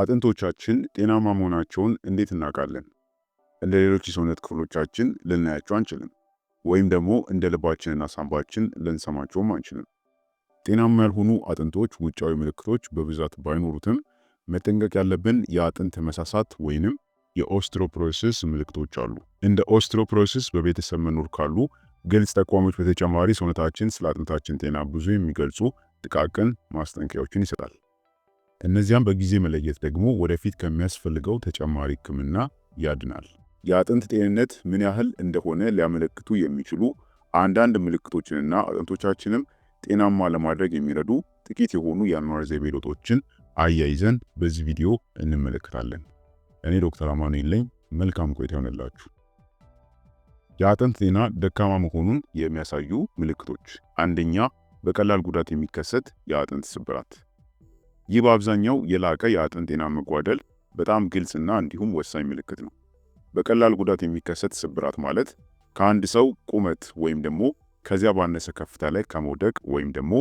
አጥንቶቻችን ጤናማ መሆናቸውን እንዴት እናውቃለን? እንደ ሌሎች የሰውነት ክፍሎቻችን ልናያቸው አንችልም፣ ወይም ደግሞ እንደ ልባችንና ሳንባችን ልንሰማቸውም አንችልም። ጤናማ ያልሆኑ አጥንቶች ውጫዊ ምልክቶች በብዛት ባይኖሩትም መጠንቀቅ ያለብን የአጥንት መሳሳት ወይንም የኦስትሮፕሮሲስ ምልክቶች አሉ። እንደ ኦስትሮፕሮሲስ በቤተሰብ መኖር ካሉ ግልጽ ጠቋሚዎች በተጨማሪ ሰውነታችን ስለ አጥንታችን ጤና ብዙ የሚገልጹ ጥቃቅን ማስጠንቀቂያዎችን ይሰጣል። እነዚያም በጊዜ መለየት ደግሞ ወደፊት ከሚያስፈልገው ተጨማሪ ህክምና ያድናል። የአጥንት ጤንነት ምን ያህል እንደሆነ ሊያመለክቱ የሚችሉ አንዳንድ ምልክቶችንና አጥንቶቻችንም ጤናማ ለማድረግ የሚረዱ ጥቂት የሆኑ የአኗኗር ዘይቤ ለውጦችን አያይዘን በዚህ ቪዲዮ እንመለከታለን። እኔ ዶክተር አማኑኤል ነኝ። መልካም ቆይታ ይሆንላችሁ። የአጥንት ጤና ደካማ መሆኑን የሚያሳዩ ምልክቶች፣ አንደኛ በቀላል ጉዳት የሚከሰት የአጥንት ስብራት ይህ በአብዛኛው የላቀ የአጥንት ጤና መጓደል በጣም ግልጽና እንዲሁም ወሳኝ ምልክት ነው። በቀላል ጉዳት የሚከሰት ስብራት ማለት ከአንድ ሰው ቁመት ወይም ደግሞ ከዚያ ባነሰ ከፍታ ላይ ከመውደቅ ወይም ደግሞ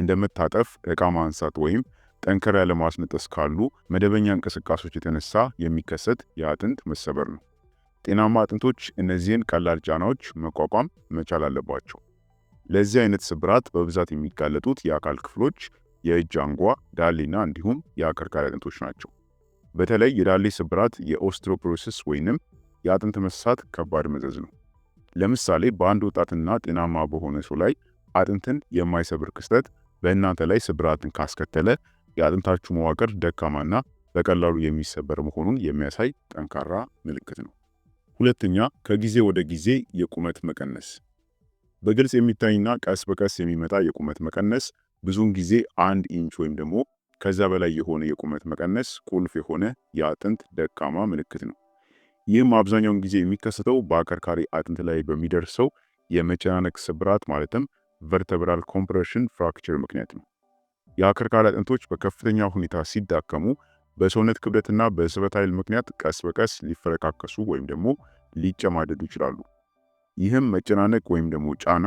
እንደመታጠፍ፣ እቃ ማንሳት ወይም ጠንከር ያለ ማስነጠስ ካሉ መደበኛ እንቅስቃሴዎች የተነሳ የሚከሰት የአጥንት መሰበር ነው። ጤናማ አጥንቶች እነዚህን ቀላል ጫናዎች መቋቋም መቻል አለባቸው። ለዚህ አይነት ስብራት በብዛት የሚጋለጡት የአካል ክፍሎች የእጅ አንጓ፣ ዳሊና እንዲሁም የአከርካሪ አጥንቶች ናቸው። በተለይ የዳሊ ስብራት የኦስትሮፕሮሲስ ወይንም የአጥንት መሳት ከባድ መዘዝ ነው። ለምሳሌ በአንድ ወጣትና ጤናማ በሆነ ሰው ላይ አጥንትን የማይሰብር ክስተት በእናንተ ላይ ስብራትን ካስከተለ የአጥንታችሁ መዋቅር ደካማና በቀላሉ የሚሰበር መሆኑን የሚያሳይ ጠንካራ ምልክት ነው። ሁለተኛ፣ ከጊዜ ወደ ጊዜ የቁመት መቀነስ። በግልጽ የሚታይና ቀስ በቀስ የሚመጣ የቁመት መቀነስ ብዙውን ጊዜ አንድ ኢንች ወይም ደግሞ ከዛ በላይ የሆነ የቁመት መቀነስ ቁልፍ የሆነ የአጥንት ደካማ ምልክት ነው። ይህም አብዛኛውን ጊዜ የሚከሰተው በአከርካሪ አጥንት ላይ በሚደርሰው የመጨናነቅ ስብራት ማለትም ቨርተብራል ኮምፕሬሽን ፍራክቸር ምክንያት ነው። የአከርካሪ አጥንቶች በከፍተኛ ሁኔታ ሲዳከሙ በሰውነት ክብደትና በስበት ኃይል ምክንያት ቀስ በቀስ ሊፈረካከሱ ወይም ደግሞ ሊጨማደዱ ይችላሉ። ይህም መጨናነቅ ወይም ደግሞ ጫና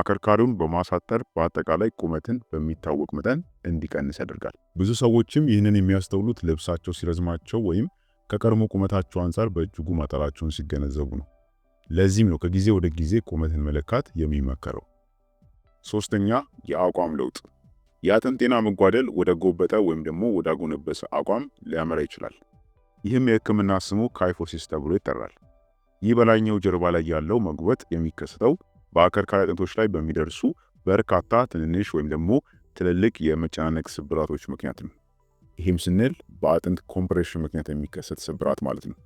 አከርካሪውን በማሳጠር በአጠቃላይ ቁመትን በሚታወቅ መጠን እንዲቀንስ ያደርጋል። ብዙ ሰዎችም ይህንን የሚያስተውሉት ልብሳቸው ሲረዝማቸው ወይም ከቀድሞ ቁመታቸው አንጻር በእጅጉ ማጠራቸውን ሲገነዘቡ ነው። ለዚህም ነው ከጊዜ ወደ ጊዜ ቁመትን መለካት የሚመከረው። ሶስተኛ የአቋም ለውጥ። የአጥንት ጤና መጓደል ወደ ጎበጠ ወይም ደግሞ ወደ ጎነበሰ አቋም ሊያመራ ይችላል። ይህም የህክምና ስሙ ካይፎሲስ ተብሎ ይጠራል። ይህ በላይኛው ጀርባ ላይ ያለው መጉበጥ የሚከሰተው በአከርካሪ አጥንቶች ላይ በሚደርሱ በርካታ ትንንሽ ወይም ደግሞ ትልልቅ የመጨናነቅ ስብራቶች ምክንያት ነው። ይህም ስንል በአጥንት ኮምፕሬሽን ምክንያት የሚከሰት ስብራት ማለት ነው።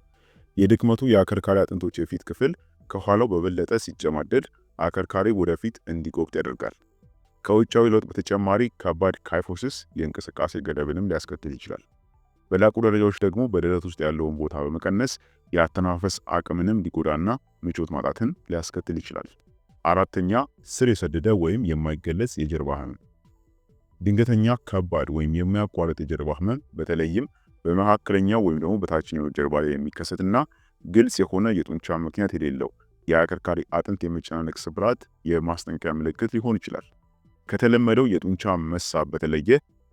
የድክመቱ የአከርካሪ አጥንቶች የፊት ክፍል ከኋላው በበለጠ ሲጨማደድ አከርካሪ ወደፊት እንዲጎብጥ ያደርጋል። ከውጫዊ ለውጥ በተጨማሪ ከባድ ካይፎሲስ የእንቅስቃሴ ገደብንም ሊያስከትል ይችላል። በላቁ ደረጃዎች ደግሞ በደረት ውስጥ ያለውን ቦታ በመቀነስ የአተናፈስ አቅምንም ሊጎዳና ምቾት ማጣትን ሊያስከትል ይችላል። አራተኛ ስር የሰደደ ወይም የማይገለጽ የጀርባ ህመም። ድንገተኛ ከባድ ወይም የሚያቋርጥ የጀርባ ህመም በተለይም በመካከለኛው ወይም ደግሞ በታችኛው ጀርባ ላይ የሚከሰትና ግልጽ የሆነ የጡንቻ ምክንያት የሌለው የአከርካሪ አጥንት የመጨናነቅ ስብራት የማስጠንቀቂያ ምልክት ሊሆን ይችላል። ከተለመደው የጡንቻ መሳብ በተለየ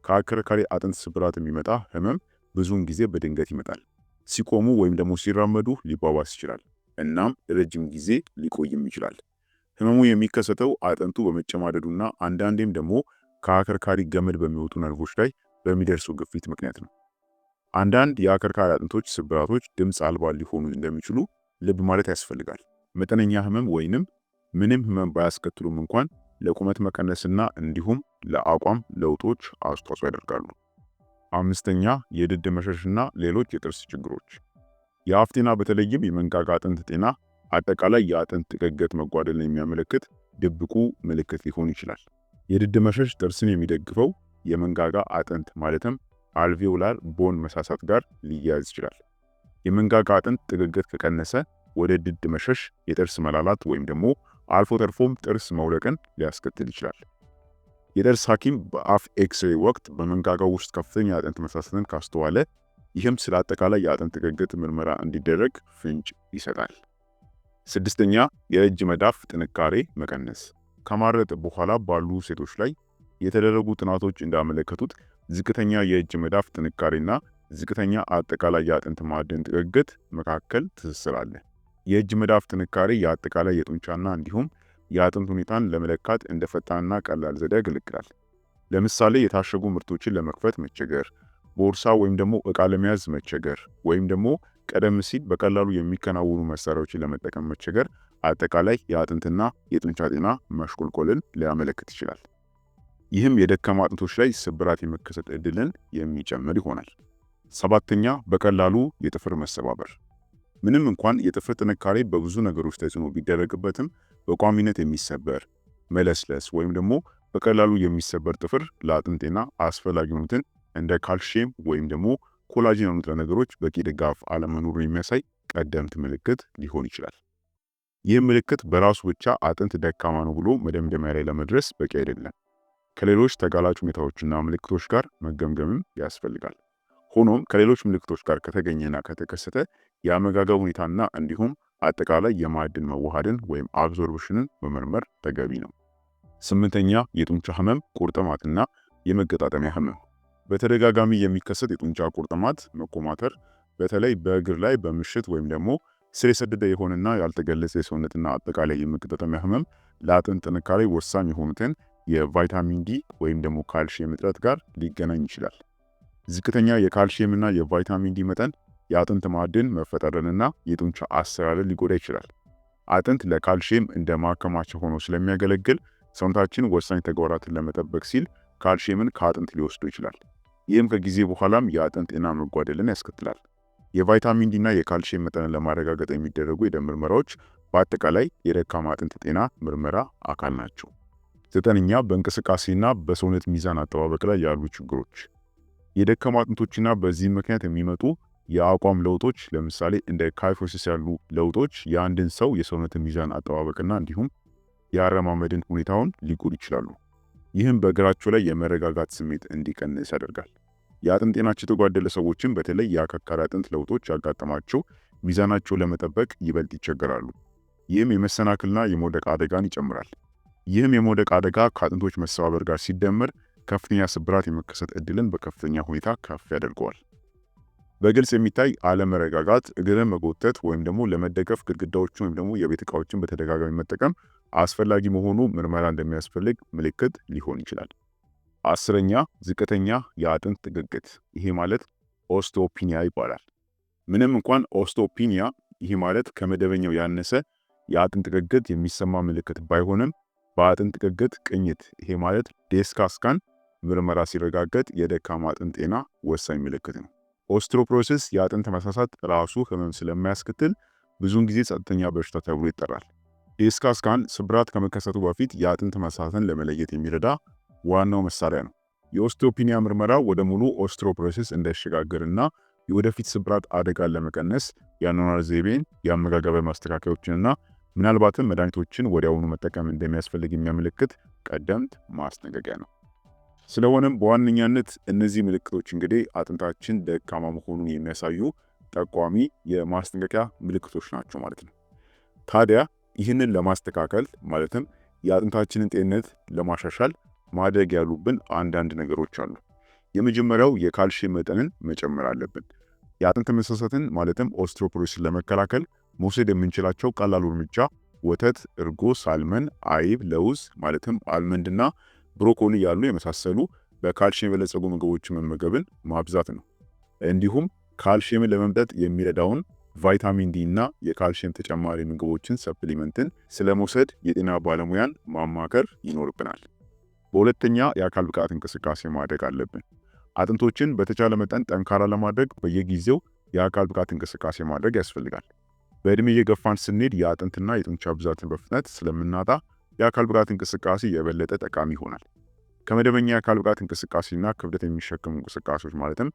ከአከርካሪ አጥንት ስብራት የሚመጣ ህመም ብዙውን ጊዜ በድንገት ይመጣል። ሲቆሙ ወይም ደግሞ ሲራመዱ ሊባባስ ይችላል። እናም ረጅም ጊዜ ሊቆይም ይችላል። ህመሙ የሚከሰተው አጥንቱ በመጨማደዱና አንዳንዴም ደግሞ ከአከርካሪ ገመድ በሚወጡ ነርቮች ላይ በሚደርሱ ግፊት ምክንያት ነው። አንዳንድ የአከርካሪ አጥንቶች ስብራቶች ድምፅ አልባ ሊሆኑ እንደሚችሉ ልብ ማለት ያስፈልጋል። መጠነኛ ህመም ወይንም ምንም ህመም ባያስከትሉም እንኳን ለቁመት መቀነስና እንዲሁም ለአቋም ለውጦች አስተዋጽኦ ያደርጋሉ። አምስተኛ የድድ መሸሽና ሌሎች የጥርስ ችግሮች፣ የአፍ ጤና በተለይም የመንጋጋ አጥንት ጤና አጠቃላይ የአጥንት ጥገገት መጓደልን የሚያመለክት ድብቁ ምልክት ሊሆን ይችላል። የድድ መሸሽ ጥርስን የሚደግፈው የመንጋጋ አጥንት ማለትም አልቪውላር ቦን መሳሳት ጋር ሊያያዝ ይችላል። የመንጋጋ አጥንት ጥግግት ከቀነሰ ወደ ድድ መሸሽ፣ የጥርስ መላላት ወይም ደግሞ አልፎ ተርፎም ጥርስ መውለቅን ሊያስከትል ይችላል። የጥርስ ሐኪም በአፍ ኤክስሬ ወቅት በመንጋጋው ውስጥ ከፍተኛ የአጥንት መሳሳትን ካስተዋለ፣ ይህም ስለ አጠቃላይ የአጥንት ጥግግት ምርመራ እንዲደረግ ፍንጭ ይሰጣል። ስድስተኛ የእጅ መዳፍ ጥንካሬ መቀነስ። ከማረጥ በኋላ ባሉ ሴቶች ላይ የተደረጉ ጥናቶች እንዳመለከቱት ዝቅተኛ የእጅ መዳፍ ጥንካሬና ዝቅተኛ አጠቃላይ የአጥንት ማዕድን ጥግግት መካከል ትስስር አለ። የእጅ መዳፍ ጥንካሬ የአጠቃላይ የጡንቻና እንዲሁም የአጥንት ሁኔታን ለመለካት እንደ ፈጣንና ቀላል ዘዴ ያገለግላል። ለምሳሌ የታሸጉ ምርቶችን ለመክፈት መቸገር፣ ቦርሳ ወይም ደግሞ ዕቃ ለመያዝ መቸገር ወይም ደግሞ ቀደም ሲል በቀላሉ የሚከናወኑ መሳሪያዎችን ለመጠቀም መቸገር አጠቃላይ የአጥንትና የጡንቻ ጤና መሽቆልቆልን ሊያመለክት ይችላል። ይህም የደከማ አጥንቶች ላይ ስብራት የመከሰት እድልን የሚጨምር ይሆናል። ሰባተኛ በቀላሉ የጥፍር መሰባበር። ምንም እንኳን የጥፍር ጥንካሬ በብዙ ነገሮች ተጽዕኖ ቢደረግበትም በቋሚነት የሚሰበር መለስለስ ወይም ደግሞ በቀላሉ የሚሰበር ጥፍር ለአጥንት ጤና አስፈላጊ የሆኑትን እንደ ካልሽየም ወይም ደግሞ ኮላጅን ንጥረ ነገሮች በቂ ድጋፍ አለመኖሩን የሚያሳይ ቀደምት ምልክት ሊሆን ይችላል። ይህ ምልክት በራሱ ብቻ አጥንት ደካማ ነው ብሎ መደምደሚያ ላይ ለመድረስ በቂ አይደለም። ከሌሎች ተጋላጭ ሁኔታዎችና ምልክቶች ጋር መገምገምም ያስፈልጋል። ሆኖም ከሌሎች ምልክቶች ጋር ከተገኘና ከተከሰተ የአመጋገብ ሁኔታና እንዲሁም አጠቃላይ የማዕድን መዋሃድን ወይም አብዞርብሽንን መመርመር ተገቢ ነው። ስምንተኛ የጡንቻ ህመም፣ ቁርጥማትና የመገጣጠሚያ ህመም በተደጋጋሚ የሚከሰት የጡንቻ ቁርጥማት፣ መኮማተር በተለይ በእግር ላይ በምሽት ወይም ደግሞ ስር የሰደደ የሆነና ያልተገለጸ የሰውነትና አጠቃላይ የመገጣጠሚያ ህመም ለአጥንት ጥንካሬ ወሳኝ የሆኑትን የቫይታሚን ዲ ወይም ደግሞ ካልሽየም እጥረት ጋር ሊገናኝ ይችላል። ዝቅተኛ የካልሽየም የቫይታሚን ዲ መጠን የአጥንት ማዕድን መፈጠርንና የጡንቻ አሰራርን ሊጎዳ ይችላል። አጥንት ለካልሽየም እንደ ማከማቸው ሆኖ ስለሚያገለግል ሰውነታችን ወሳኝ ተግባራትን ለመጠበቅ ሲል ካልሽየምን ከአጥንት ሊወስዱ ይችላል። ይህም ከጊዜ በኋላም የአጥንት ጤና መጓደልን ያስከትላል። የቫይታሚን ዲና የካልሽየም መጠንን ለማረጋገጥ የሚደረጉ የደም ምርመራዎች በአጠቃላይ የደካማ አጥንት ጤና ምርመራ አካል ናቸው። ዘጠነኛ በእንቅስቃሴና በሰውነት ሚዛን አጠባበቅ ላይ ያሉ ችግሮች የደካማ አጥንቶችና በዚህ ምክንያት የሚመጡ የአቋም ለውጦች ለምሳሌ እንደ ካይፎሲስ ያሉ ለውጦች የአንድን ሰው የሰውነት ሚዛን አጠባበቅና እንዲሁም የአረማመድን ሁኔታውን ሊጎዱ ይችላሉ። ይህም በእግራቸው ላይ የመረጋጋት ስሜት እንዲቀንስ ያደርጋል። የአጥንት ጤናቸው የተጓደለ ሰዎችን በተለይ የአከርካሪ አጥንት ለውጦች ያጋጠማቸው ሚዛናቸው ለመጠበቅ ይበልጥ ይቸገራሉ። ይህም የመሰናክልና የመውደቅ አደጋን ይጨምራል። ይህም የመውደቅ አደጋ ከአጥንቶች መሰባበር ጋር ሲደመር ከፍተኛ ስብራት የመከሰት እድልን በከፍተኛ ሁኔታ ከፍ ያደርገዋል። በግልጽ የሚታይ አለመረጋጋት፣ እግርን መጎተት ወይም ደግሞ ለመደገፍ ግድግዳዎችን ወይም ደግሞ የቤት እቃዎችን በተደጋጋሚ መጠቀም አስፈላጊ መሆኑ ምርመራ እንደሚያስፈልግ ምልክት ሊሆን ይችላል። አስረኛ ዝቅተኛ የአጥንት ጥግግት፣ ይሄ ማለት ኦስቶፒኒያ ይባላል። ምንም እንኳን ኦስቶፒኒያ ይሄ ማለት ከመደበኛው ያነሰ የአጥንት ጥግግት የሚሰማ ምልክት ባይሆንም በአጥንት ጥግግት ቅኝት፣ ይሄ ማለት ዴስካስካን ምርመራ ሲረጋገጥ የደካማ አጥንት ጤና ወሳኝ ምልክት ነው። ኦስትሮፕሮሲስ የአጥንት መሳሳት ራሱ ህመም ስለማያስከትል ብዙውን ጊዜ ጸጥተኛ በሽታ ተብሎ ይጠራል። የኤስካ ስካን ስብራት ከመከሰቱ በፊት የአጥንት መሳትን ለመለየት የሚረዳ ዋናው መሳሪያ ነው። የኦስቲዮፒኒያ ምርመራ ወደ ሙሉ ኦስትሮፕሮሲስ እንዳይሸጋገርና የወደፊት ስብራት አደጋን ለመቀነስ የአኗኗር ዘይቤን፣ የአመጋገበ ማስተካከያዎችንና ምናልባትም መድኃኒቶችን ወዲያውኑ መጠቀም እንደሚያስፈልግ የሚያመለክት ቀደምት ማስጠንቀቂያ ነው። ስለሆነም በዋነኛነት እነዚህ ምልክቶች እንግዲህ አጥንታችን ደካማ መሆኑን የሚያሳዩ ጠቋሚ የማስጠንቀቂያ ምልክቶች ናቸው ማለት ነው። ታዲያ ይህንን ለማስተካከል ማለትም የአጥንታችንን ጤንነት ለማሻሻል ማደግ ያሉብን አንዳንድ ነገሮች አሉ። የመጀመሪያው የካልሽየም መጠንን መጨመር አለብን። የአጥንት መሳሳትን ማለትም ኦስቲዮፖሮሲስን ለመከላከል መውሰድ የምንችላቸው ቀላሉ እርምጃ ወተት፣ እርጎ፣ ሳልመን፣ አይብ፣ ለውዝ ማለትም አልመንድና ብሮኮሊ ያሉ የመሳሰሉ በካልሽየም የበለጸጉ ምግቦችን መመገብን ማብዛት ነው። እንዲሁም ካልሽየምን ለመምጠጥ የሚረዳውን ቫይታሚን ዲ እና የካልሽየም ተጨማሪ ምግቦችን ሰፕሊመንትን ስለ መውሰድ የጤና ባለሙያን ማማከር ይኖርብናል። በሁለተኛ የአካል ብቃት እንቅስቃሴ ማድረግ አለብን። አጥንቶችን በተቻለ መጠን ጠንካራ ለማድረግ በየጊዜው የአካል ብቃት እንቅስቃሴ ማድረግ ያስፈልጋል። በዕድሜ እየገፋን ስንሄድ የአጥንትና የጡንቻ ብዛትን በፍጥነት ስለምናጣ የአካል ብቃት እንቅስቃሴ የበለጠ ጠቃሚ ይሆናል። ከመደበኛ የአካል ብቃት እንቅስቃሴና ክብደት የሚሸክሙ እንቅስቃሴዎች ማለትም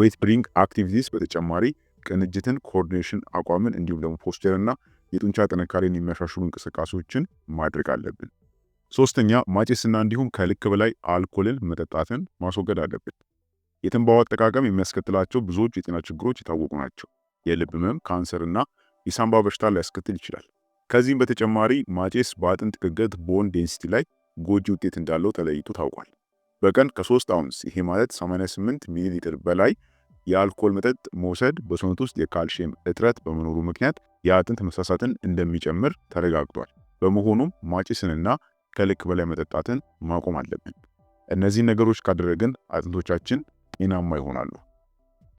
ዌት ብሪንግ አክቲቪቲስ በተጨማሪ ቅንጅትን፣ ኮኦርዲኔሽን፣ አቋምን እንዲሁም ደግሞ ፖስቸር እና የጡንቻ ጥንካሬን የሚያሻሽሉ እንቅስቃሴዎችን ማድረግ አለብን። ሶስተኛ ማጨስና እንዲሁም ከልክ በላይ አልኮልን መጠጣትን ማስወገድ አለብን። የትንባሆ አጠቃቀም የሚያስከትላቸው ብዙዎች የጤና ችግሮች የታወቁ ናቸው። የልብ ህመም፣ ካንሰርና የሳምባ በሽታ ሊያስከትል ይችላል። ከዚህም በተጨማሪ ማጨስ በአጥንት ጥግግት ቦን ዴንሲቲ ላይ ጎጂ ውጤት እንዳለው ተለይቶ ታውቋል። በቀን ከሶስት አውንስ ይሄ ማለት 88 ሚሊ ሊትር በላይ የአልኮል መጠጥ መውሰድ በሰውነት ውስጥ የካልሽየም እጥረት በመኖሩ ምክንያት የአጥንት መሳሳትን እንደሚጨምር ተረጋግጧል። በመሆኑም ማጭስንና ከልክ በላይ መጠጣትን ማቆም አለብን። እነዚህን ነገሮች ካደረግን አጥንቶቻችን ጤናማ ይሆናሉ።